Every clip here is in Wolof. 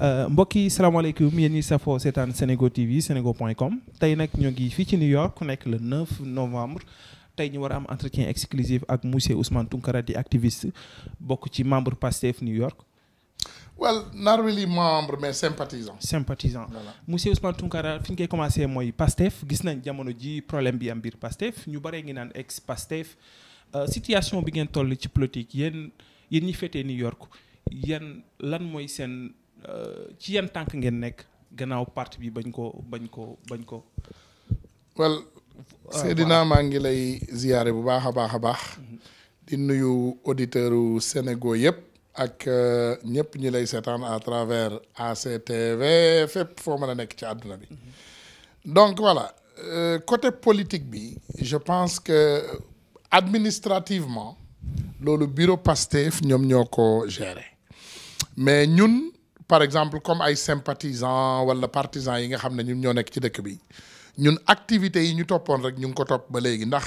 Euh, mbokk yi salaamaaleykum yéen ñi safoo seetaan Senego TV senego point com tey nag ñoo ngi fii ci New York nekk le 9 novembre tey ñu war a am entretien exclusif ak monsieur Ousmane Tounkara di activiste bokk ci membre PASTEF New York. well not really membre mais sympathisant. sympathisant voilà. monsieur Ousmane Tounkara fi ñu koy commencé mooy PASTEF gis nañ jamono ji problème bi am biir PASTEF ñu baree ngi naan ex PASTEF euh, situation bi ngeen toll ci politique yéen yéen ñi féetee New York yan lan mooy seen. Euh, ci yenn tànk ngeen nekk gannaaw parti bi bañ ko bañ ko bañ ko well ah, Seydina maa ngi lay ziyaare bu baax a baax a baax mhm. di nuyu auditeur u Sénégal yëpp ak euh, ñëpp ñi lay seetaan à travers ACTV fépp foo mën a nekk ci àdduna bi mhm. donc voilà euh, côté politique bi je pense que administrativement loolu bureau Pastef ñoom ñoo ko gérer mais ñun par exemple comme ay sympathisants wala partisans yi nga xam ne ñun ñoo nekk ci dëkk bi ñun activités yi ñu toppoon rek ñu ngi ko topp ba léegi ndax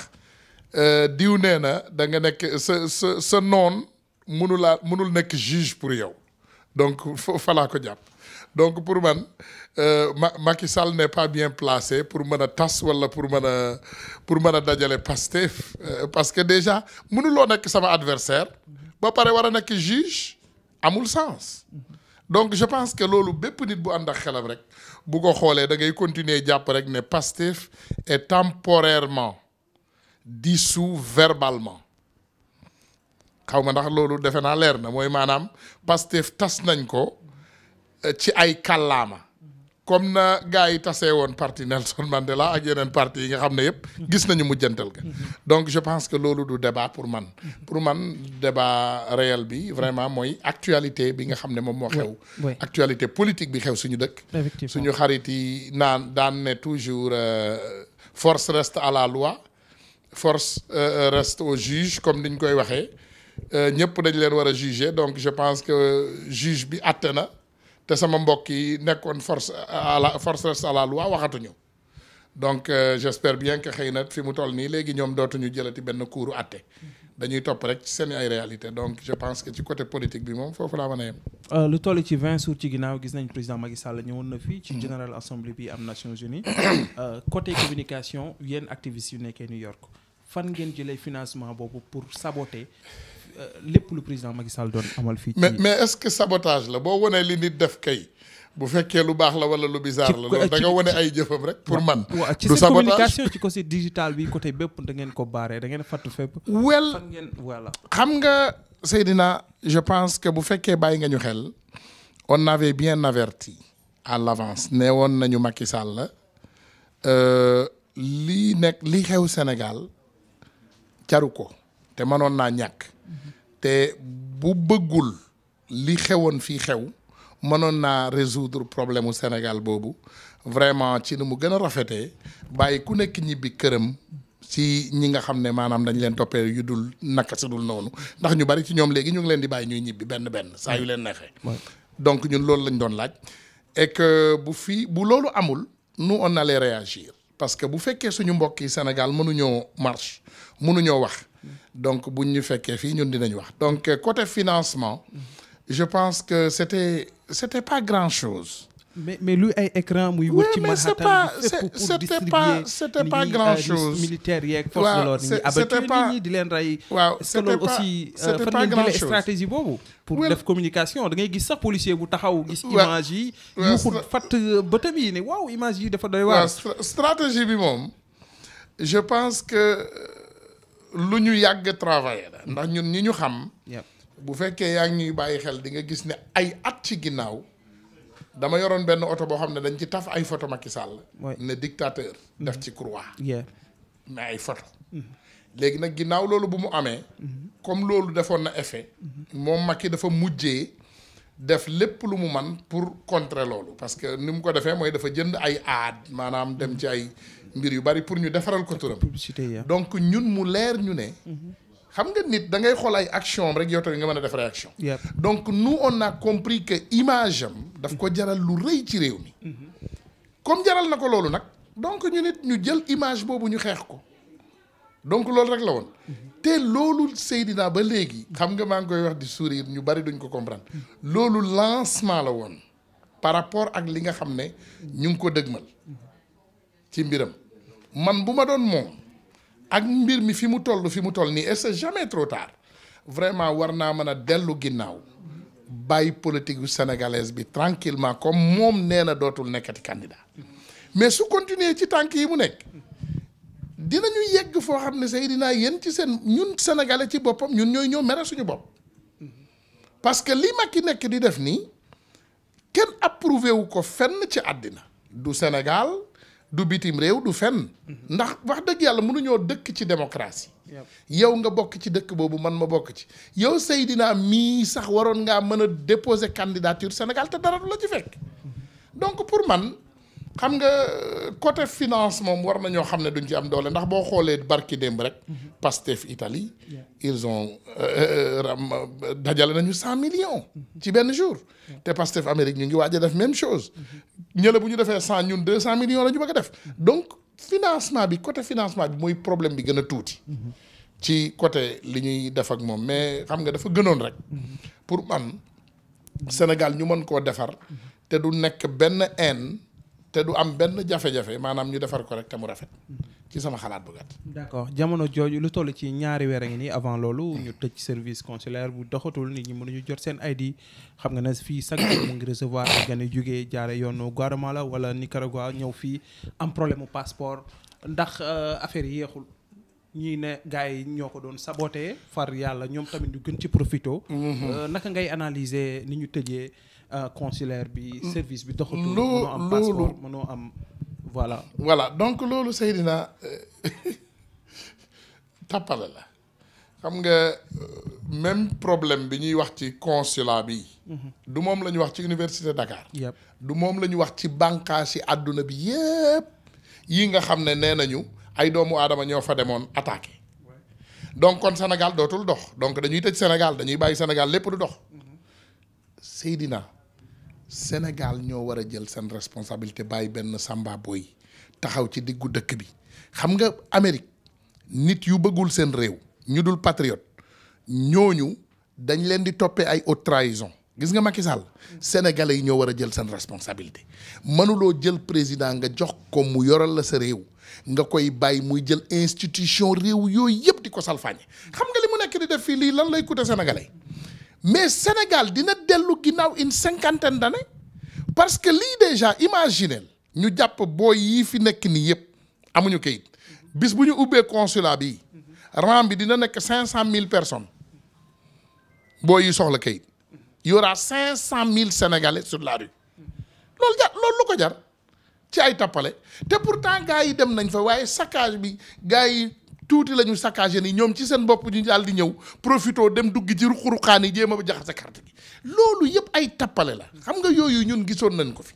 euh, diw nee na da nga nekk sa sa sa noon mënu laa mënul nekk juge pour yow donc falaa ko jàpp donc pour man euh, ma Macky Sall n'est pas bien placé pour mën a wala pour mën a pour mën a dajale Pastef euh, parce que déjà mënuloo nekk sama adversaire ba pare war a nekk juge amul sens donc je pense que loolu bépp nit bu ànd ak xelam rek bu ko xoolee da ngay continuer jàpp rek ne Pastef est temporairement dissous verbalement xaw ma ndax loolu defe naa leer na mooy maanaam Pastef tas nañ ko eh, ci ay kàllaama comme na gars yi tasee woon parti Nelson Mandela ak yeneen parti yi nga xam ne yëpp gis nañu mujjanteel ga donc je pense que loolu du débat pour man pour man débat réel bi vraiment mooy actualité bi nga xam ne moom moo xew actualité politique bi xew suñu dëkk suñu xarit yi naan daan ne toujours euh, force reste à la loi force euh, euh, reste au juge comme niñ koy waxee ñëpp dañ leen war a juger donc je pense que juge bi àtte na te sama mbokk yi nekkoon force à la force à la loi waxatuñu donc euh, j'espère bien que xëy na fi mu toll nii léegi ñoom dootuñu jëlati benn kuuru àtte dañuy topp rek ci seen ay réalité donc je pense que ci côté politique bi moom foofu laa mën a yem. Euh, lu toll ci vingt jours ci ginnaaw gis nañ président Macky Sall ñëwoon na fii. ci mm-hmm. General Assembly bi am Nations Unies. Euh, côté communication yéen activistes yu nekkee New York fan ngeen jëlee financement boobu pour saboter. Euh, lépp lu président Macky Sall doon amal fii. mais mais est-ce que sabotage la boo wanee li nit def kay. bu fekkee lu baax la wala lu bizarre la loolu da nga wane ay jëfam rek pour man ci sa communication ci côté digital bi côté bépp da ngeen ko baaree da ngeen fàttu fépp wel voilà xam nga Seydina je pense que bu fekkee bàyyi nga ñu xel on avait bien averti à l'avance ne woon nañu Macky Sall la euh, lii nekk li xew Sénégal jaru ko te mënoon naa ñàkk te bu bëggul li xewoon fii xew mënoon naa résoudre problème mu Sénégal boobu vraiment ci ni mu gën a rafetee bàyyi ku nekk ñibbi këram si ñi nga xam ne maanaam dañ leen toppee yu dul naka si dul noonu ndax ñu bari ci ñoom léegi ñu ngi leen di bàyyi ñuy ñibbi benn benn saa yu leen neexee. donc ñun loolu lañ doon laaj et bu fii bu loolu amul nous on allait réagir. parce que bu fekkee suñu mbokk yi Sénégal mënuñoo marche mënuñoo wax donc buñ ñu fekkee fii ñun dinañ wax donc côté financement je pense que c'était c'était pas grand chose mais mais luy ay écran muy wër ci Manhattan c'était pas c'était pas euh, grand chose yeeg force de l'ordre ñi abattu nit ñi di leen rey waaw est aussi euh, fan ngeen jëlee stratégie boobu pour def communication da ngay gis sax policier bu taxaw gis image yi yuuxut fatt euh, bëtam yi ne waaw image yi dafa day waar stratégie bi moom je pense que lu ñu yàgg travailler la ndax ñu ñi ñu xam bu fekkee yaa ñuy bàyyi xel di nga gis ne ay at ci ginnaaw dama yoroon benn oto boo xam ne dañ ci taf ay photo Macky Sall. ne dictateur. def ci croix. mais mm-hmm. ay photo mm-hmm. léegi nag ginnaaw loolu bu mu amee. Mm-hmm. comme loolu defoon na effet. moom Macky dafa mujjee def lépp lu mu man pour contrer loolu parce que ni mu ko defee mooy dafa jënd ay aad maanaam dem ci ay mbir yu bari pour ñu defaral ko turam. donc ñun mu leer ñu ne. xam nga nit da ngay xool ay action am rek yow tamit nga mën a def réaction. donc nous on a compris que image am. daf ko jaral lu rëy ci réew mi comme jaral na ko loolu nag donc ñu nit ñu jël image boobu ñu xeex ko donc loolu rek la woon te loolu Seydina ba léegi xam nga maa ngi koy wax di sourire ñu bari duñ ko comprendre loolu lancement la woon par rapport ak li nga xam ne ñu ngi ko dëgmal ci mbiram man bu ma doon moom ak mbir mi fi mu toll fi mu toll nii et c'est jamais trop tard vraiment war naa mën a dellu ginnaaw bàyyi politique yu sénégalaise bi tranquillement comme moom nee na dootul nekkati candidat mais su continuer ci tànk yi mu nekk dinañu yegg foo xam ne Seydina yéen ci seen ñun sénégalais ci boppam ñun ñooy ñëw mere suñu bopp parce que li Macky nekk di def nii kenn approuvé wu ko fenn ci àddina du Sénégal du bitim réew du fenn ndax wax dëgg yàlla mënuñoo dëkk ci démocratie yow nga bokk ci dëkk boobu man ma bokk ci yow Seydina mii sax waroon ngaa mën a déposer candidature Sénégal te dara du la ci fekk donc pour man xam nga côté finance moom war na ñoo xam ne duñ ci am doole ndax boo xoolee barki démb rek. Pastef Italie. ils ont euh, euh, dajale nañu cent millions. ci benn jour. te Pastef Amérique ñu ngi waaj a def même chose. ñële bu ñu defee cent ñun deux cent millions la ñu bëgg a def. donc financement bi côté financement bi mooy problème bi gën a tuuti. ci côté li ñuy def moom mais xam nga dafa gënoon rek. pour man Sénégal ñu mën koo defar. Mm-hmm. te du nekk benn haine. te du am benn jafe-jafe maanaam ñu defar ko rek te mu rafet ci sama xalaat bu gàtt. d'accord jamono jooju lu toll ci ñaari weer a ngi nii avant loolu ñu tëj service consulaire bu doxatul ni ñi mënuñu jot seen ID xam nga ne fii chaque mu ngi recevoir ay gan yu jógee jaare yoonu Guatemala wala Nicaragua ñëw fii am problème mu passeport ndax euh, affaire yi yéexul ñii ne gars yi ñoo ko doon saboté far yàlla ñoom tamit ñu gën ci profito. Mm-hmm. Euh, naka ngay analyser ni ñu tëjee. Euh, consulaire bi service bi doxatul mënoo am passeport mënoo am voilà voilà donc loolu Seydina euh, tàppale la xam nga euh, même problème bi ñuy wax ci consulat bi mhm. du moom la ñu wax ci université Dakar du moom la ñu wax ci bànqaas yi àdduna bi yëpp yi nga xam ne nee nañu ay doomu aadama ñoo fa demoon attaqué donc kon Sénégal dootul dox donc dañuy tëj Sénégal dañuy bàyyi Sénégal lépp du dox mhm. Seydina Sénégal ñoo war a jël seen responsabilité bàyyi benn Samba yi taxaw ci diggu dëkk bi xam nga Amérique nit yu bëggul seen réew ñu dul patriote ñooñu dañ leen di toppee ay haute trahison gis nga Macky Sall sénégalais yi ñoo war a jël seen responsabilité mënuloo jël président nga jox ko mu yoral la sa réew nga koy bàyyi muy jël institution réew yooyu yëpp di ko salfaañe xam nga li mu nekk di def fii lii lan lay coûter sénégalais mais Sénégal dina dellu ginnaaw une cinquantaine d'années parce que lii déjà imaginez ñu jàpp booy yii fi nekk nii yëpp amuñu kayit bis bu ñu ubbee consulat bi rang bi dina nekk cinq cent mille personnes booy yi soxla kayit y cinq cent mille sénégalais sur la rue loolu jar loolu lu ko jar ci ay tappale te pourtant gars yi dem nañ fa waaye saccage bi gars yi tuuti la ñu saccagé ni ñoom ci seen bopp ñu daal di ñëw profito dem dugg ci ruqu-ruqaan yi jéem a jaxase carte gi loolu yëpp ay tappale la xam nga yooyu ñun gisoon nañ ko fi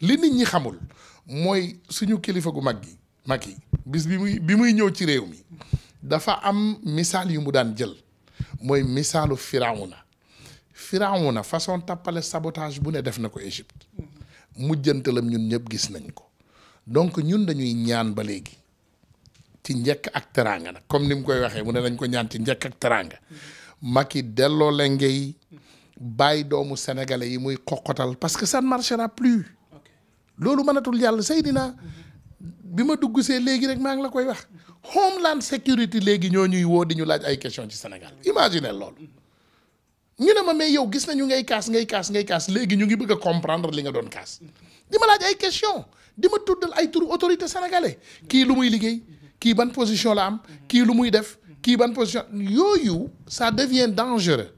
li nit ñi xamul mooy suñu kilifa gu mag gi mag yi bis bi muy bi muy ñëw ci réew mi dafa am misaal yu mu daan jël mooy misaalu firawna firawna façon tappale sabotage bu ne def na ko Égypte mujjantalam ñun ñëpp gis nañ ko donc ñun dañuy ñaan ba léegi ci njëkk ak teraanga nag comme ni mu koy waxee mu ne nañ ko ñaan ci njëkk ak teraanga Macky delloo la ngay bàyyi doomu sénégalais yi muy xoqotal parce que san ne ra plus loolu mënatul yàlla Seydina bi ma dugg see léegi rek maa ngi la koy wax homeland security léegi ñoo ñuy woo di ñu laaj ay question ci Sénégal imagine loolu ñu ne ma mais yow gis nañu ngay kaas ngay kaas ngay kaas léegi ñu ngi bëgg a comprendre li nga doon kaas di ma laaj ay question di ma tuddal ay turu autorité sénégalais kii lu muy liggéey kii ban position la am kii lu muy def kii ban position yooyu ça devient dangereux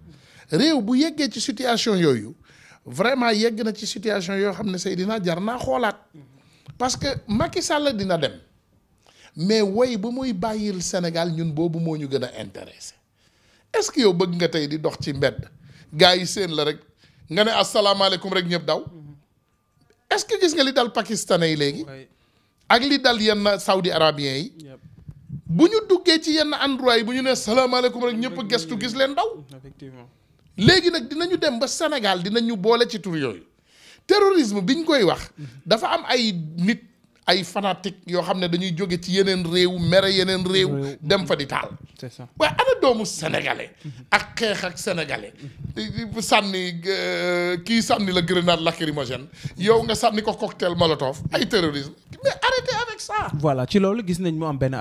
réew bu yeggee ci situation yooyu vraiment yegg na ci situation yoo xam ne Seydina jar naa xoolaat parce que Macky Sall dina dem mais woy ba muy bàyyil Sénégal ñun boobu moo ñu gën a intéressé est-ce que yow bëgg nga tey di dox ci mbedd gars yi seen la rek nga ne asalaamaaleykum rek ñëpp daw est-ce que gis nga li dal pakistanais yi léegi ak li dal yenn saudi arabien yi bu ñu duggee ci yenn endroit yi bu ñu nee salaamaaleykum rek ñëpp gestu gis leen daw effectivement léegi nag dinañu dem ba Sénégal dinañu boole ci tur yooyu terrorisme biñ koy wax mhm. dafa am ay nit ay fanatique yoo xam ne dañuy jóge ci yeneen réew mere yeneen réew dem fa di taal c'est ça waaye ana doomu sénégalais ak xeex ak sénégalais sànni euh, kii sànni la grenade lacrymogène yow nga sànni ko cocktail molotov ay terrorisme mais arrêtez avec ça voilà ci loolu gis nañ mu am benn